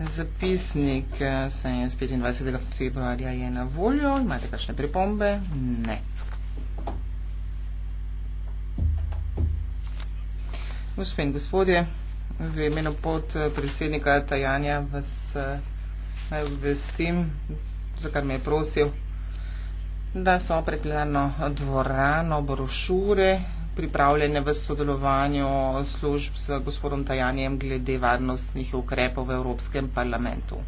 Zapisnik eh, se je z 25. februarja je na voljo. Imate kakšne pripombe? Ne. Gospe in gospodje, v imenu pod predsednika Tajanja vas eh, naj obvestim, za kar me je prosil, da so pred plenarno dvorano brošure pripravljene v sodelovanju služb z gospodom Tajanjem glede varnostnih ukrepov v Evropskem parlamentu.